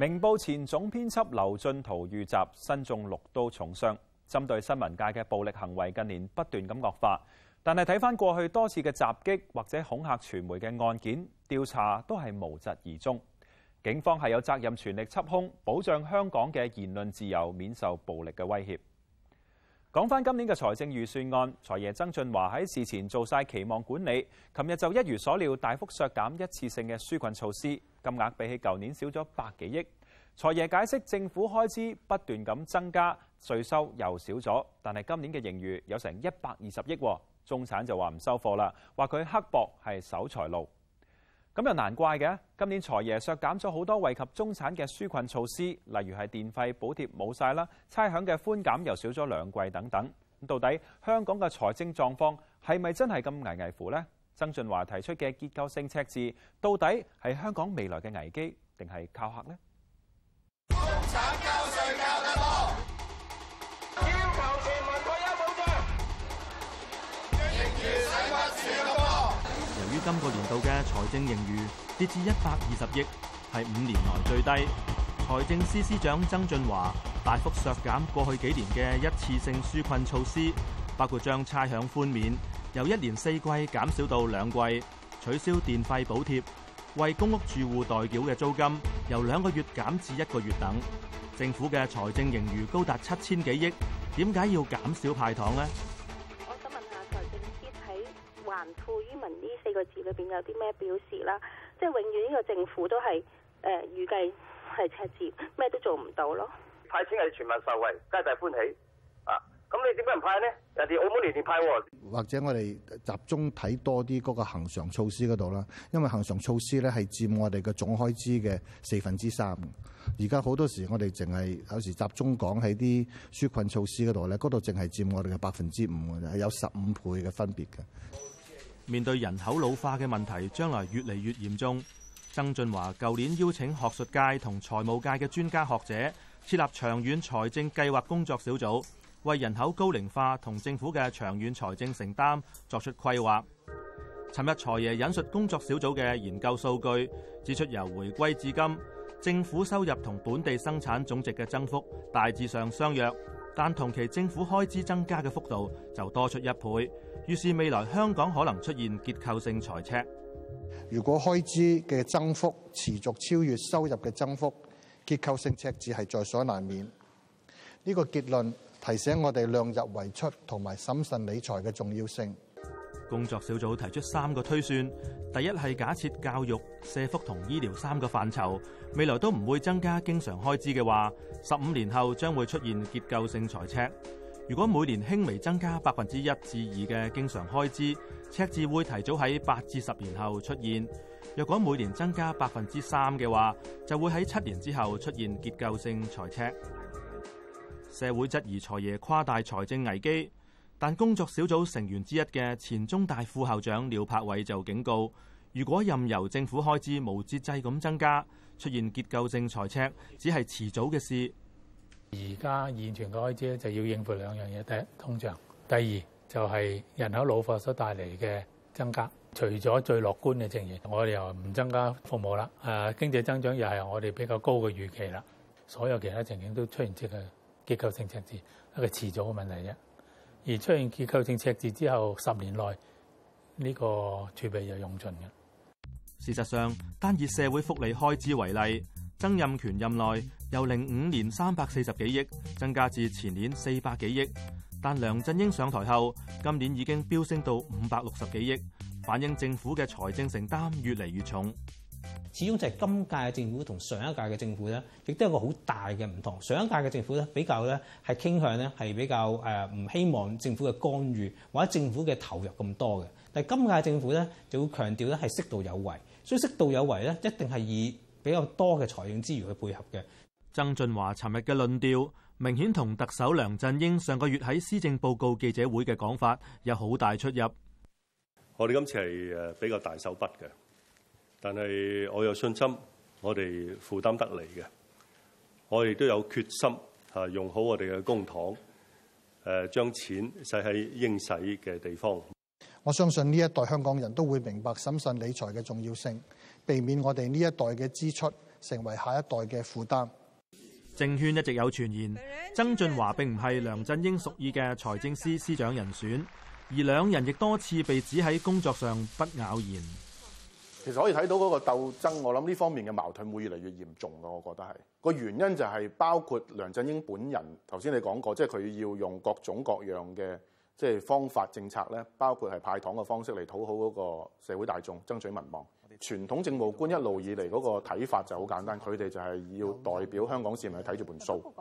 明報前總編輯劉進圖遇襲，身中六刀重傷。針對新聞界嘅暴力行為，近年不斷咁惡化，但係睇返過去多次嘅襲擊或者恐嚇傳媒嘅案件調查，都係無疾而終。警方係有責任全力緝兇，保障香港嘅言論自由，免受暴力嘅威脅。講翻今年嘅財政預算案，財爺曾俊華喺事前做晒期望管理，琴日就一如所料大幅削減一次性嘅紓困措施，金額比起舊年少咗百幾億。財爺解釋政府開支不斷咁增加，稅收又少咗，但係今年嘅盈餘有成一百二十億。中產就話唔收貨啦，話佢刻薄係守財路。咁又難怪嘅，今年財爺削減咗好多惠及中產嘅紓困措施，例如係電費補貼冇晒啦，差餉嘅寬減又少咗兩季等等。咁到底香港嘅財政狀況係咪真係咁危危乎呢？曾俊華提出嘅結構性赤字，到底係香港未來嘅危機，定係靠嚇呢？今個年度嘅財政盈餘跌至一百二十億，係五年來最低。財政司司長曾俊華大幅削減過去幾年嘅一次性紓困措施，包括將差餉寬免由一年四季減少到兩季，取消電費補貼，為公屋住戶代繳嘅租金由兩個月減至一個月等。政府嘅財政盈餘高達七千幾億，點解要減少派糖呢？惠於民呢四個字裏邊有啲咩表示啦？即係永遠呢個政府都係誒、呃、預計係赤字，咩都做唔到咯。派錢係全民受惠，皆大歡喜啊！咁你點解唔派呢？人哋澳門年年派喎、啊，或者我哋集中睇多啲嗰個恆常措施嗰度啦，因為恒常措施咧係佔我哋嘅總開支嘅四分之三。而家好多時我哋淨係有時集中講喺啲紓困措施嗰度咧，嗰度淨係佔我哋嘅百分之五，係有十五倍嘅分別嘅。面對人口老化嘅問題，將來越嚟越嚴重。曾俊華舊年邀請學術界同財務界嘅專家學者設立長遠財政計劃工作小組，為人口高齡化同政府嘅長遠財政承擔作出規劃。尋日財爺引述工作小組嘅研究數據，指出由回歸至今，政府收入同本地生產總值嘅增幅大致上相若。但同期政府開支增加嘅幅度就多出一倍，預示未來香港可能出現結構性財赤。如果開支嘅增幅持續超越收入嘅增幅，結構性赤字係在所難免。呢個結論提醒我哋量入為出同埋審慎理財嘅重要性。工作小組提出三個推算，第一係假設教育、社福同醫療三個範疇未來都唔會增加經常開支嘅話，十五年後將會出現結構性財赤。如果每年輕微增加百分之一至二嘅經常開支，赤字會提早喺八至十年後出現。若果每年增加百分之三嘅話，就會喺七年之後出現結構性財赤。社會質疑財爺誇大財政危機。但工作小組成員之一嘅前中大副校長廖柏偉就警告，如果任由政府開支無節制咁增加，出現結構性財赤，只係遲早嘅事。而家現存嘅開支就要應付兩樣嘢，第一通脹，第二就係人口老化所帶嚟嘅增加。除咗最樂觀嘅情形，我哋又唔增加服務啦。誒經濟增長又係我哋比較高嘅預期啦。所有其他情形都出現咗個結構性赤字，一個遲早嘅問題啫。而出現結構性赤字之後，十年內呢，這個儲備就用盡嘅。事實上，單以社會福利開支為例，曾蔭權任內由零五年三百四十幾億增加至前年四百幾億，但梁振英上台後，今年已經飆升到五百六十幾億，反映政府嘅財政承擔越嚟越重。始終就係今屆政府同上一屆嘅政府咧，亦都有個好大嘅唔同。上一屆嘅政府咧，比較咧係傾向咧係比較誒唔希望政府嘅干預或者政府嘅投入咁多嘅。但係今屆政府咧就會強調咧係適度有為，所以適度有為咧一定係以比較多嘅財政資源去配合嘅。曾俊華尋日嘅論調，明顯同特首梁振英上個月喺施政報告記者會嘅講法有好大出入。我哋今次係誒比較大手筆嘅。但係，我有信心，我哋負擔得嚟嘅。我亦都有決心嚇、啊，用好我哋嘅公帑，誒、啊、將錢使喺應使嘅地方。我相信呢一代香港人都會明白審慎理財嘅重要性，避免我哋呢一代嘅支出成為下一代嘅負擔。政圈一直有傳言，曾俊華並唔係梁振英屬意嘅財政司司長人選，而兩人亦多次被指喺工作上不咬弦。其實可以睇到嗰個鬥爭，我諗呢方面嘅矛盾會越嚟越嚴重咯。我覺得係個原因就係包括梁振英本人，頭先你講過，即係佢要用各種各樣嘅即係方法政策咧，包括係派糖嘅方式嚟討好嗰個社會大眾，爭取民望。傳統政務官一路以嚟嗰個睇法就好簡單，佢哋就係要代表香港市民去睇住本數，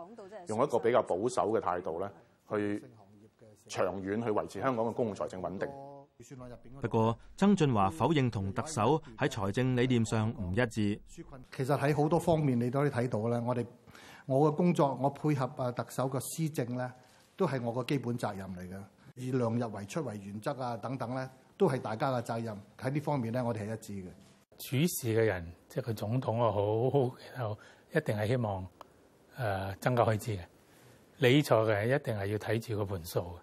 用一個比較保守嘅態度咧，去長遠去維持香港嘅公共財政穩定。不過曾俊華否認同特首喺財政理念上唔一致。其實喺好多方面，你都可以睇到啦。我哋我嘅工作，我配合啊特首嘅施政咧，都係我嘅基本責任嚟嘅。以量入為出為原則啊，等等咧，都係大家嘅責任喺呢方面咧，我哋係一致嘅。主事嘅人即係個總統啊，好好好一定係希望誒、呃、增加開支嘅理財嘅一定係要睇住個盤數，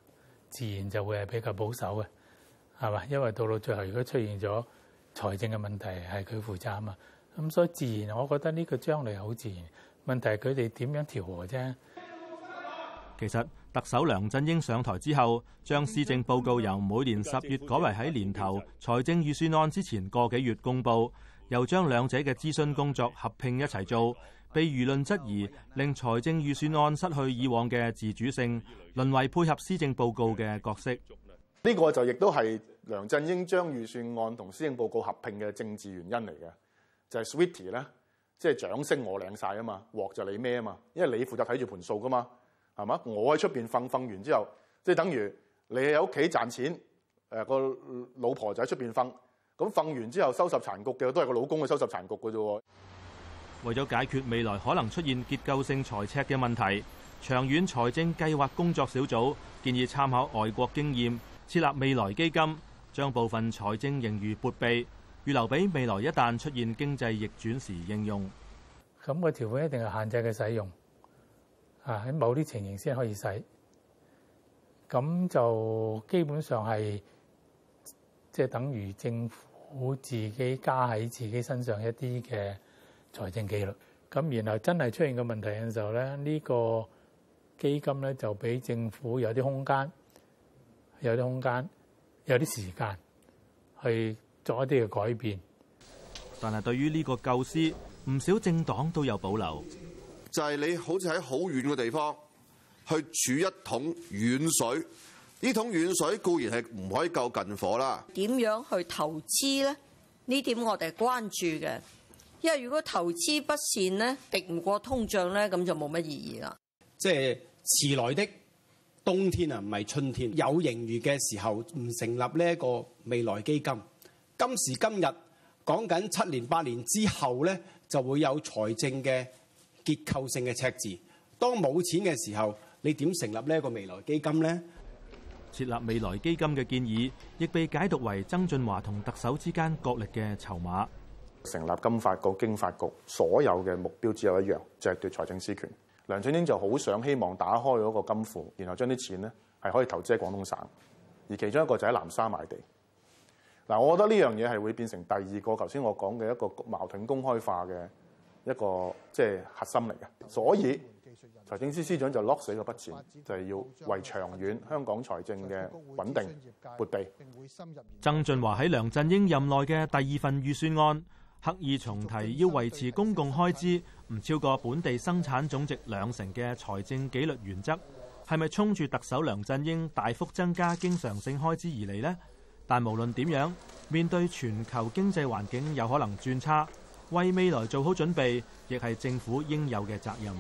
自然就會係比較保守嘅。係嘛？因為到到最後，如果出現咗財政嘅問題，係佢負責啊嘛。咁所以自然，我覺得呢個將嚟好自然。問題係佢哋點樣調和啫？其實特首梁振英上台之後，將施政報告由每年十月改為喺年頭財政預算案之前個幾月公佈，又將兩者嘅諮詢工作合併一齊做，被輿論質疑令財政預算案失去以往嘅自主性，淪為配合施政報告嘅角色。呢個就亦都係梁振英將預算案同施政報告合併嘅政治原因嚟嘅，就係 sweety 咧，即係掌聲我領晒啊嘛，鑊就你孭啊嘛，因為你負責睇住盤數噶嘛，係嘛？我喺出邊瞓，瞓完之後，即係等於你喺屋企賺錢，誒、呃、個老婆就喺出邊瞓。咁、嗯、瞓完之後收拾殘局嘅都係個老公去收拾殘局嘅啫。為咗解決未來可能出現結構性財赤嘅問題，長遠財政計劃工作小組建議參考外國經驗。設立未來基金，將部分財政盈餘撥備，預留俾未來一旦出現經濟逆轉時應用。咁個條款一定係限制嘅使用，啊喺某啲情形先可以使。咁就基本上係即係等於政府自己加喺自己身上一啲嘅財政紀律。咁然後真係出現個問題嘅時候咧，呢個基金咧就俾政府有啲空間。有啲空間，有啲時間去做一啲嘅改變。但係對於呢個構思，唔少政黨都有保留。就係你好似喺好遠嘅地方去儲一桶遠水，呢桶遠水固然係唔可以救近火啦。點樣去投資咧？呢點我哋係關注嘅，因為如果投資不善咧，敵唔過通脹咧，咁就冇乜意義啦。即係、就是、遲來的。冬天啊，唔係春天。有盈餘嘅時候，唔成立呢一個未來基金。今時今日講緊七年八年之後咧，就會有財政嘅結構性嘅赤字。當冇錢嘅時候，你點成立呢一個未來基金咧？設立未來基金嘅建議亦被解讀為曾俊華同特首之間角力嘅籌碼，成立金發局、經發局，所有嘅目標只有一樣，就係、是、奪財政司權。梁振英就好想希望打開嗰個金庫，然後將啲錢咧係可以投資喺廣東省，而其中一個就喺南沙買地。嗱，我覺得呢樣嘢係會變成第二個頭先我講嘅一個矛盾公開化嘅一個即係、就是、核心嚟嘅。所以財政司司長就落死嗰筆錢，就係要為長遠香港財政嘅穩定撥備。曾俊華喺梁振英任內嘅第二份預算案刻意重提要維持公共開支。唔超過本地生產總值兩成嘅財政紀律原則，係咪衝住特首梁振英大幅增加經常性開支而嚟呢？但無論點樣，面對全球經濟環境有可能轉差，為未來做好準備，亦係政府應有嘅責任。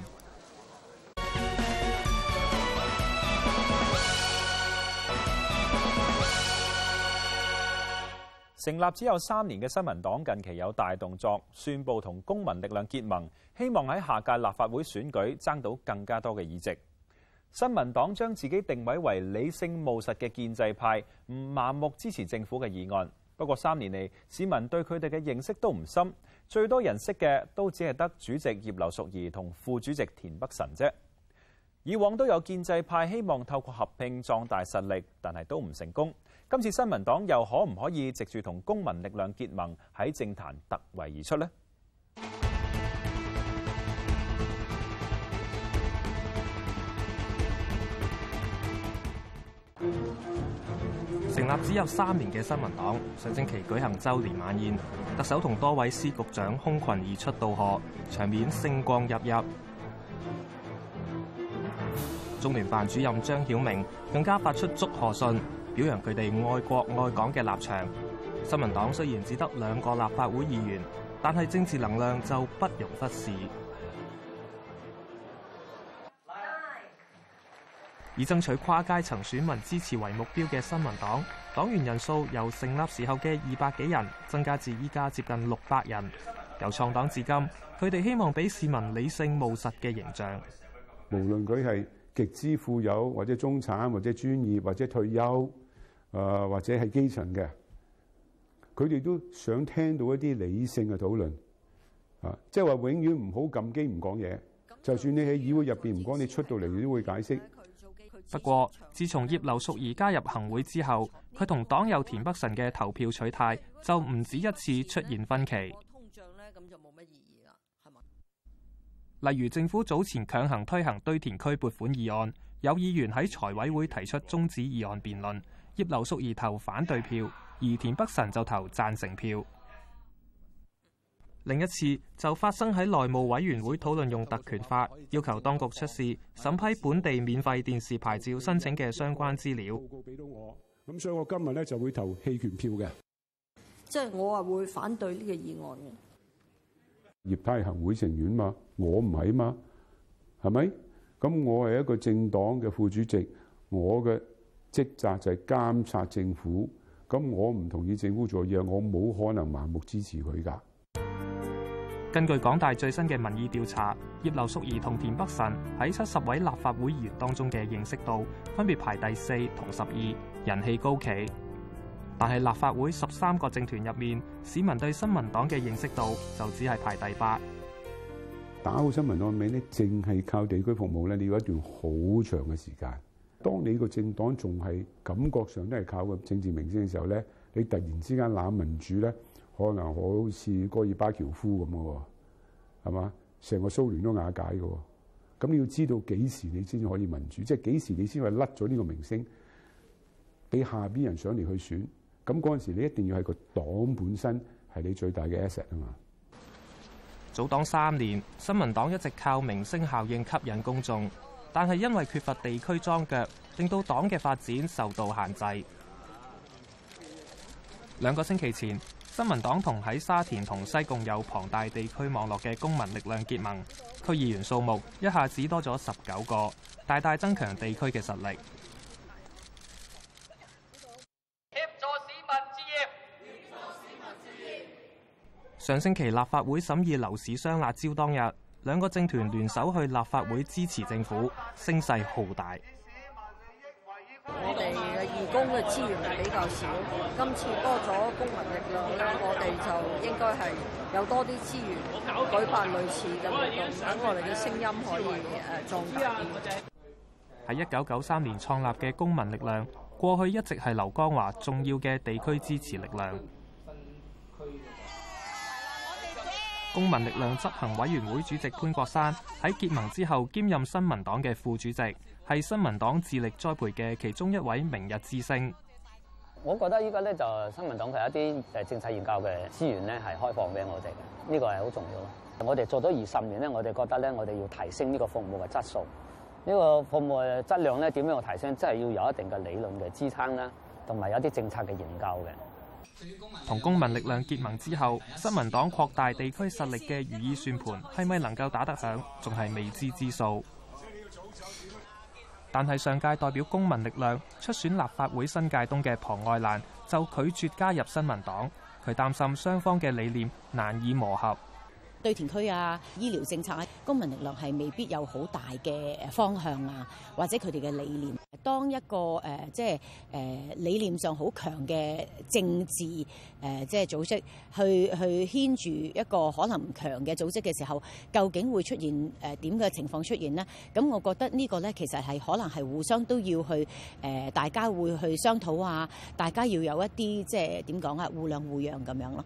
成立只有三年嘅新民黨近期有大動作，宣布同公民力量結盟，希望喺下屆立法會選舉爭到更加多嘅議席。新民黨將自己定位為理性務實嘅建制派，唔盲目支持政府嘅議案。不過三年嚟，市民對佢哋嘅認識都唔深，最多人識嘅都只係得主席葉劉淑儀同副主席田北辰啫。以往都有建制派希望透過合併壯大實力，但係都唔成功。今次新民黨又可唔可以藉住同公民力量結盟，喺政壇突圍而出呢？成立只有三年嘅新民黨，上星期舉行周年晚宴，特首同多位司局長空群而出道賀，場面星光熠熠。中聯辦主任張曉明更加發出祝賀信。表揚佢哋愛國愛港嘅立場。新民黨雖然只得兩個立法會議員，但係政治能量就不容忽視。以爭取跨階層選民支持為目標嘅新民黨，黨員人數由成立時候嘅二百幾人增加至依家接近六百人。由創黨至今，佢哋希望俾市民理性務實嘅形象。無論佢係極之富有，或者中產，或者專業，或者退休。誒或者係基層嘅，佢哋都想聽到一啲理性嘅討論啊，即係話永遠唔好撳機唔講嘢。就算你喺議會入邊唔講，你出到嚟你都會解釋。不過，自從葉劉淑儀加入行會之後，佢同黨友田北辰嘅投票取態就唔止一次出現分歧。例如，政府早前強行推行堆填區撥款議案，有議員喺財委會提出終止議案辯論。葉劉淑儀投反對票，而田北辰就投贊成票。另一次就發生喺內務委員會討論用特權法要求當局出示審批本地免費電視牌照申請嘅相關資料。報告俾到我，咁所以我今日咧就會投棄權票嘅。即係我啊，會反對呢個議案嘅。葉太係行會成員嘛，我唔係嘛，係咪？咁我係一個政黨嘅副主席，我嘅。職責就係監察政府，咁我唔同意政府做嘢，我冇可能盲目支持佢㗎。根據港大最新嘅民意調查，葉劉淑儀同田北辰喺七十位立法會議員當中嘅認識度分別排第四同十二，人氣高企。但係立法會十三個政團入面，市民對新民黨嘅認識度就只係排第八。打好新民黨名呢，淨係靠地區服務咧，你要一段好長嘅時間。當你個政黨仲係感覺上都係靠個政治明星嘅時候咧，你突然之間攬民主咧，可能好似戈爾巴喬夫咁嘅喎，係嘛？成個蘇聯都瓦解嘅喎。咁你要知道幾時你先可以民主，即係幾時你先話甩咗呢個明星俾下邊人上嚟去選？咁嗰陣時你一定要係個黨本身係你最大嘅 asset 啊嘛。組黨三年，新民黨一直靠明星效應吸引公眾。但係因為缺乏地區裝腳，令到黨嘅發展受到限制。兩個星期前，新民黨同喺沙田同西貢有龐大地區網絡嘅公民力量結盟，區議員數目一下子多咗十九個，大大增強地區嘅實力。上星期立法會審議樓市雙辣招當日，兩個政團聯手去立法會支持政府，聲勢浩大。我哋嘅義工嘅資源比較少，今次多咗公民力量咧，我哋就應該係有多啲資源舉辦類似嘅活動，等我哋嘅聲音可以誒做。喺一九九三年創立嘅公民力量，過去一直係劉江華重要嘅地區支持力量。公民力量執行委員會主席潘國山喺結盟之後兼任新民黨嘅副主席，係新民黨致力栽培嘅其中一位明日之星。我覺得依家咧就新民黨有一啲誒政策研究嘅資源咧係開放俾我哋嘅，呢個係好重要。我哋做咗二十年咧，我哋覺得咧我哋要提升呢個服務嘅質素，呢個服務嘅質量咧點樣去提升？真係要有一定嘅理論嘅支撐啦，同埋有一啲政策嘅研究嘅。同公民力量結盟之後，新民黨擴大地區實力嘅如意算盤係咪能夠打得響，仲係未知之數。但係上屆代表公民力量出選立法會新界東嘅龐愛蘭就拒絕加入新民黨，佢擔心雙方嘅理念難以磨合。堆填區啊、醫療政策啊、公民力量係未必有好大嘅誒方向啊，或者佢哋嘅理念。當一個誒即係誒理念上好強嘅政治誒即係組織，去去牽住一個可能唔強嘅組織嘅時候，究竟會出現誒點嘅情況出現呢？咁我覺得這個呢個咧其實係可能係互相都要去誒、呃，大家會去商討啊，大家要有一啲即係點講啊，互諒互讓咁樣咯。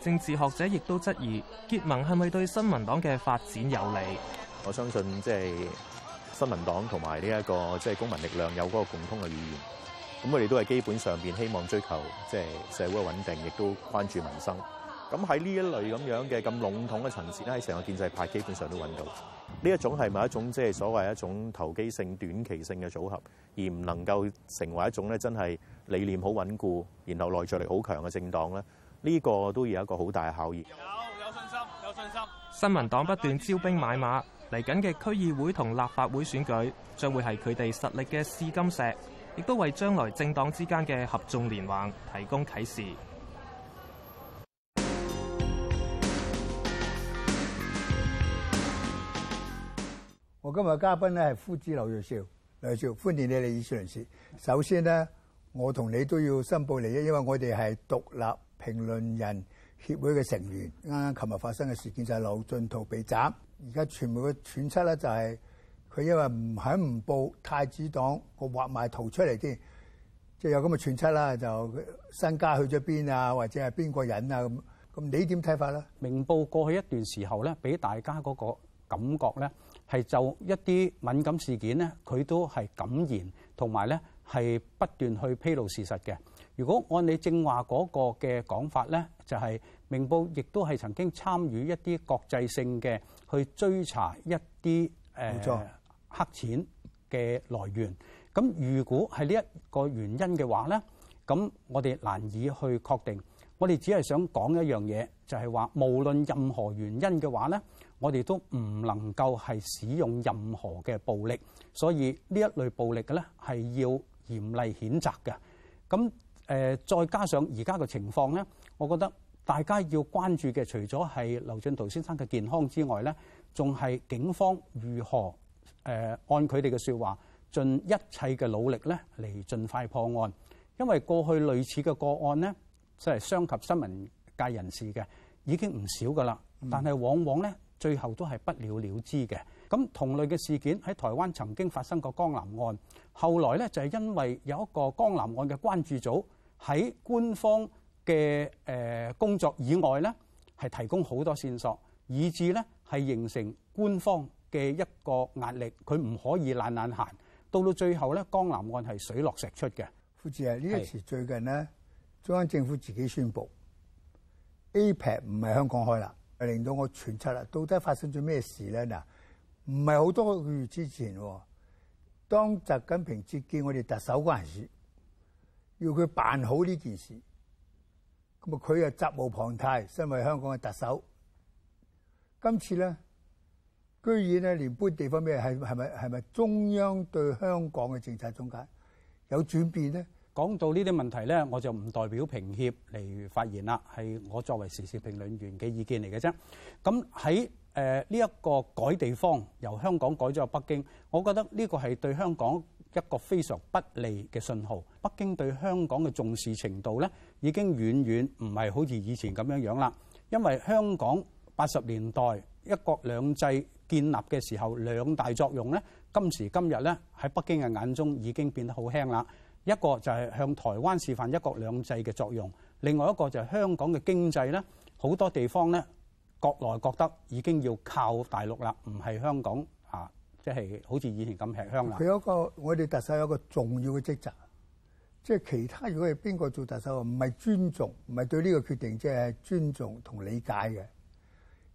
政治學者亦都質疑結盟係咪對新民黨嘅發展有利？我相信即係新民黨同埋呢一個即係公民力量有嗰個共通嘅語言，咁我哋都係基本上邊希望追求即係社會嘅穩定，亦都關注民生。咁喺呢一類咁樣嘅咁籠統嘅層次咧，喺成個建制派基本上都揾到呢一種係咪一種即係所謂一種投機性短期性嘅組合，而唔能夠成為一種咧真係理念好穩固，然後內在力好強嘅政黨咧？呢個都要有一個好大嘅考驗。有有信心，有信心。新民黨不斷招兵買馬，嚟緊嘅區議會同立法會選舉將會係佢哋實力嘅試金石，亦都為將來政黨之間嘅合縱連橫提供啟示。 我今日嘅嘉賓咧係夫子劉銳紹，劉銳紹歡迎你嚟議事論事。首先呢，我同你都要申報利益，因為我哋係獨立評論人協會嘅成員，啱啱琴日發生嘅事件就係劉進圖被斬，而家傳媒嘅揣測咧就係佢因為唔肯唔報太子黨個畫埋圖出嚟添，即係有咁嘅揣測啦，就身家去咗邊啊，或者係邊個人啊咁？咁你點睇法咧？明報過去一段時候咧，俾大家嗰個感覺咧，係就一啲敏感事件咧，佢都係敢言，同埋咧係不斷去披露事實嘅。如果按你正話嗰個嘅講法呢，就係明報亦都係曾經參與一啲國際性嘅去追查一啲誒黑錢嘅來源。咁如果係呢一個原因嘅話呢，咁我哋難以去確定。我哋只係想講一樣嘢，就係話無論任何原因嘅話呢，我哋都唔能夠係使用任何嘅暴力。所以呢一類暴力嘅呢係要嚴厲譴責嘅。咁誒，再加上而家嘅情況，我覺得大家要關注嘅，除咗係劉俊濤先生嘅健康之外咧，仲係警方如何誒按佢哋嘅說話盡一切嘅努力咧嚟盡快破案。因為過去類似嘅個案咧，即係傷及新聞界人士嘅，已經唔少噶啦。但係往往咧，最後都係不了了之嘅。咁同類嘅事件喺台灣曾經發生過江南案，後來咧就係因為有一個江南案嘅關注組。喺官方嘅誒工作以外咧，係提供好多線索，以至咧係形成官方嘅一個壓力，佢唔可以懶懶閒。到到最後咧，江南案係水落石出嘅。副主啊，呢一次最近咧，是中央政府自己宣布 APEC 唔係香港開啦，令到我揣測啦，到底發生咗咩事咧？嗱，唔係好多個月之前，啊，當習近平接見我哋特首嗰陣時。要佢辦好呢件事，咁啊佢啊責無旁貸，身為香港嘅特首。今次咧，居然咧連搬地方咩，係係咪係咪中央對香港嘅政策總監有轉變咧？講到呢啲問題咧，我就唔代表評協嚟發言啦，係我作為時事評論員嘅意見嚟嘅啫。咁喺誒呢一個改地方，由香港改咗去北京，我覺得呢個係對香港，一個非常不利嘅信號，北京對香港嘅重視程度咧，已經遠遠唔係好似以前咁樣樣啦。因為香港八十年代一國兩制建立嘅時候，兩大作用咧，今時今日咧喺北京嘅眼中已經變得好輕啦。一個就係向台灣示範一國兩制嘅作用，另外一個就係香港嘅經濟咧，好多地方咧，國內覺得已經要靠大陸啦，唔係香港啊。即係好似以前咁吃香。佢有一個，我哋特首有一個重要嘅職責，即係其他如果係邊個做特首，唔係尊重，唔係對呢個決定即係尊重同理解嘅。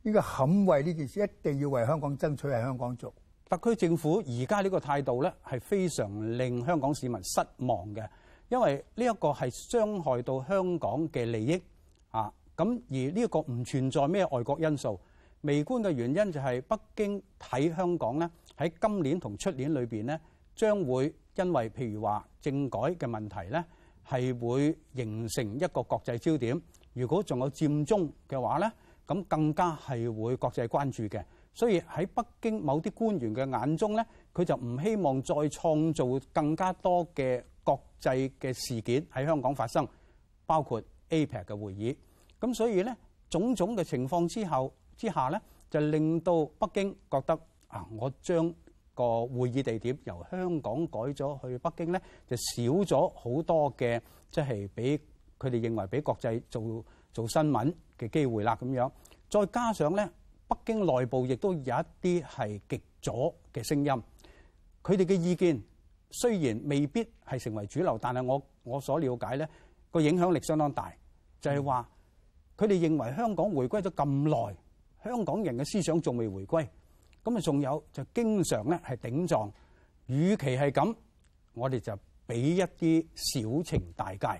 呢個肯為呢件事一定要為香港爭取係香港做。特區政府而家呢個態度咧係非常令香港市民失望嘅，因為呢一個係傷害到香港嘅利益啊。咁而呢一個唔存在咩外國因素，微觀嘅原因就係北京睇香港咧。喺今年同出年裏邊咧，將會因為譬如話政改嘅問題咧，係會形成一個國際焦點。如果仲有佔中嘅話咧，咁更加係會國際關注嘅。所以喺北京某啲官員嘅眼中咧，佢就唔希望再創造更加多嘅國際嘅事件喺香港發生，包括 APEC 嘅會議。咁所以咧，種種嘅情況之後之下咧，就令到北京覺得。嗱，我將個會議地點由香港改咗去北京呢，就少咗好多嘅，即係俾佢哋認為俾國際做做新聞嘅機會啦。咁樣再加上呢，北京內部亦都有一啲係極左嘅聲音，佢哋嘅意見雖然未必係成為主流，但係我我所了解呢，個影響力相當大，就係話佢哋認為香港回歸咗咁耐，香港人嘅思想仲未回歸。咁啊，仲有就經常咧係頂撞，與其係咁，我哋就俾一啲小情大戒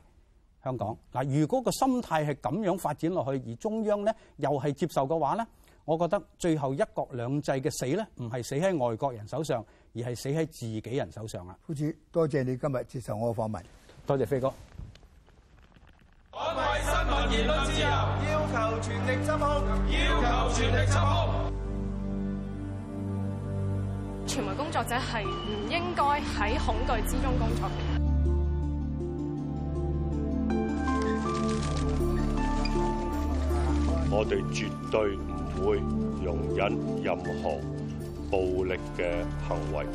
香港。嗱，如果個心態係咁樣發展落去，而中央咧又係接受嘅話咧，我覺得最後一國兩制嘅死咧，唔係死喺外國人手上，而係死喺自己人手上啊！副主，多謝你今日接受我嘅訪問，多謝飛哥。我哋新聞言論自由，要求全力執行，要求全力執行。傳媒工作者係唔應該喺恐懼之中工作。我哋絕對唔會容忍任何暴力嘅行為。